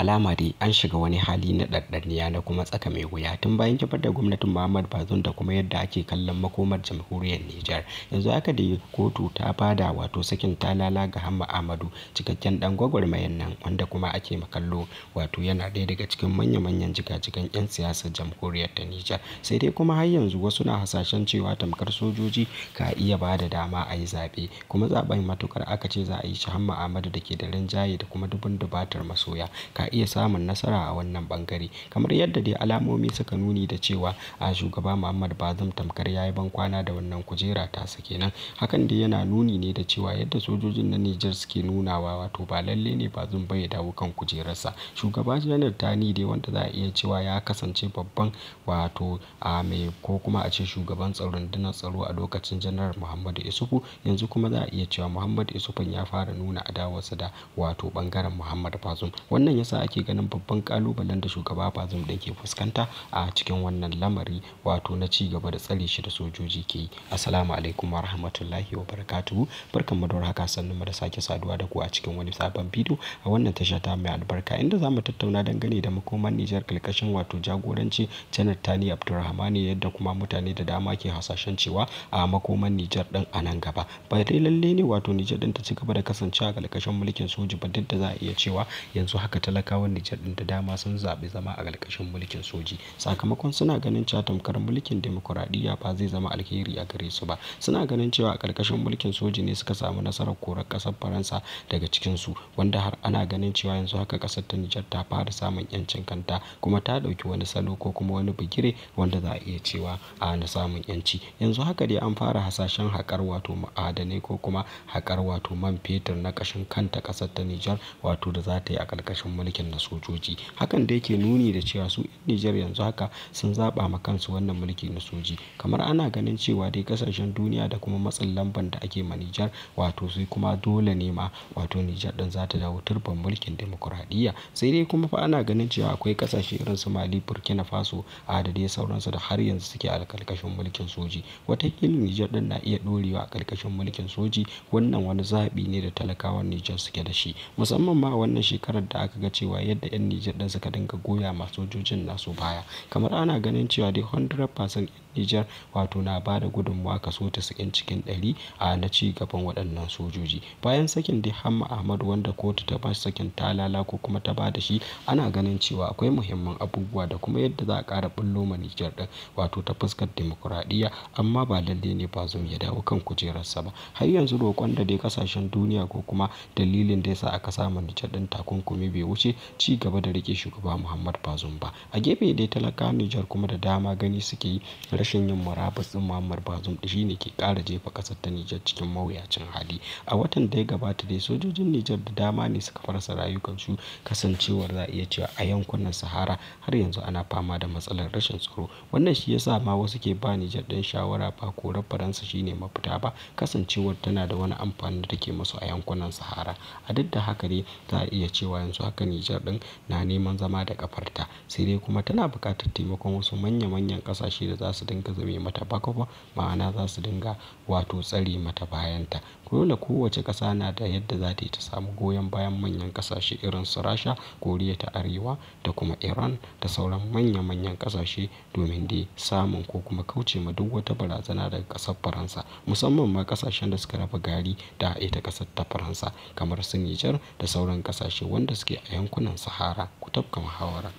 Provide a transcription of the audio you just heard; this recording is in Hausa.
alama dai an shiga wani hali na ɗaɗɗaniya na kuma tsaka mai wuya tun bayan kifar da gwamnatin Muhammad Bazoum da kuma yadda ake kallon makomar jamhuriyar Nijar. Yanzu haka da kotu ta bada wato sakin talala ga Hamma Ahmadu cikakken dan gwagwarmayen nan wanda kuma ake makallo wato yana ɗaya daga cikin manya-manyan jigajigan 'yan siyasar jamhuriyar ta Nijar. Sai dai kuma har yanzu wasu na hasashen cewa tamkar sojoji ka iya ba da dama a yi zaɓe kuma zaɓen matukar aka ce za a yi shi Hamma Ahmadu da ke da rinjaye da kuma dubun dubatar masoya ka iya samun nasara a wannan bangare kamar yadda dai alamomi suka nuni da cewa a shugaba Muhammad Bazum tamkar ya yi bankwana da wannan kujera tasa kenan hakan dai yana nuni ne da cewa yadda sojojin na Niger suke nunawa wato ba lalle ne Bazum bai dawo kan kujerarsa shugaba Janar Tani dai wanda za a iya cewa ya kasance babban wato a mai ko kuma a ce shugaban tsaron na tsaro a lokacin Janar Muhammadu Isufu yanzu kuma za a iya cewa muhammad Isufun ya fara nuna adawarsa da wato bangaren Muhammad Bazum wannan ya yasa ake ganin babban kalubalen da shugaba bazum ɗin ke fuskanta a cikin wannan lamari wato na ci gaba da tsare shi da sojoji ke yi. Assalamu alaikum wa rahmatullahi wa barakatuhu. Barkan mu da warhaka sannu mu da sake saduwa da ku a cikin wani sabon bidiyo a wannan tasha ta mai albarka inda za mu tattauna dangane da makoman Nijar kalkashin wato jagoranci Janar Tani abdurrahmani yadda kuma mutane da dama ke hasashen cewa a makoman Nijar din a nan gaba. Ba dai lalle ne wato Nijar din ta ci gaba da kasancewa kalkashin mulkin soji ba duk da za a iya cewa yanzu haka talaka talakawan Nijar ɗin da dama sun zaɓi zama a ƙarƙashin mulkin soji sakamakon suna ganin cewa tamkar mulkin demokuraɗiyya ba zai zama alheri a gare su ba suna ganin cewa a ƙarƙashin mulkin soji ne suka samu nasarar korar ƙasar Faransa daga cikin su wanda har ana ganin cewa yanzu haka ƙasar ta Nijar ta fara samun yancin kanta kuma ta ɗauki wani salo ko kuma wani bigire wanda za a iya cewa a na samun yanci yanzu haka dai an fara hasashen haƙar wato ma'adanai ko kuma haƙar wato man fetur na ƙashin kanta ƙasar ta Nijar wato da za ta yi a ƙarƙashin mulkin mulkin na sojoji hakan da yake nuni da cewa su 'yan Nijar yanzu haka sun zaɓa ma kansu wannan mulki na soji kamar ana ganin cewa dai kasashen duniya da kuma matsin lamban da ake ma Nijar wato sai kuma dole ne ma wato Nijar ɗin za ta dawo turban mulkin demokuraɗiyya sai dai kuma fa ana ganin cewa akwai kasashe irin su Mali Burkina Faso a da dai sauransu da har yanzu suke a mulkin soji watakila Nijar din na iya ɗorewa a ƙarƙashin mulkin soji wannan wani zaɓi ne da talakawan Nijar suke da shi musamman ma wannan shekarar da aka ga cewa yadda 'yan Nijar ɗin suka dinga goya masu sojojin nasu baya. Kamar ana ganin cewa dai 100% 'yan Nijar wato na ba da gudummawa kaso 90 cikin ɗari a na ci gaban waɗannan sojoji. Bayan sakin da Hamma ahmadu wanda kotu ta ba shi sakin talala ko kuma ta ba da shi ana ganin cewa akwai muhimman abubuwa da kuma yadda za a ƙara ɓullo ma Nijar ɗin wato ta fuskar dimokuraɗiyya amma ba lalle ne Bazoum ya dawo kan kujerarsa ba. Har yanzu roƙon da dai kasashen duniya ko kuma dalilin da ya sa aka sa ma Nijar ɗin takunkumi bai wuce ci gaba da rike shugaba Muhammad Bazoum ba. A gefe dai talaka Nijar kuma da dama gani suke yi rashin yin murabus din Muhammad Bazoum shi ne ke kara jefa kasar ta Nijar cikin mawuyacin hali. A watan da ya gabata dai sojojin Nijar da dama ne suka rayukan rayukansu kasancewar za a iya cewa a yankunan Sahara har yanzu ana fama da matsalar rashin tsaro. Wannan shi yasa ma wasu ke ba Nijar ɗin shawara ba korar Faransa shine mafita ba kasancewar tana da wani amfani da take musu a yankunan Sahara. A duk da haka ne za a iya cewa yanzu haka Nijar ɗin na neman zama da kafarta sai dai kuma tana buƙatar taimakon wasu manya-manyan ƙasashe da za su dinga zame mata baka ma'ana za su dinga wato tsare mata bayanta. Dole kowace ƙasa na da yadda za ta yi ta samu goyon bayan manyan ƙasashe irin su Rasha, Koriya ta Arewa da kuma Iran da sauran manya manyan ƙasashe domin dai samun ko kuma kauce ma duk wata barazana daga ƙasar Faransa. Musamman ma ƙasashen da suka rafa gari da ita ƙasar ta Faransa kamar su Nijar da sauran ƙasashe wanda suke a yankunan Sahara. Ku tafka muhawara.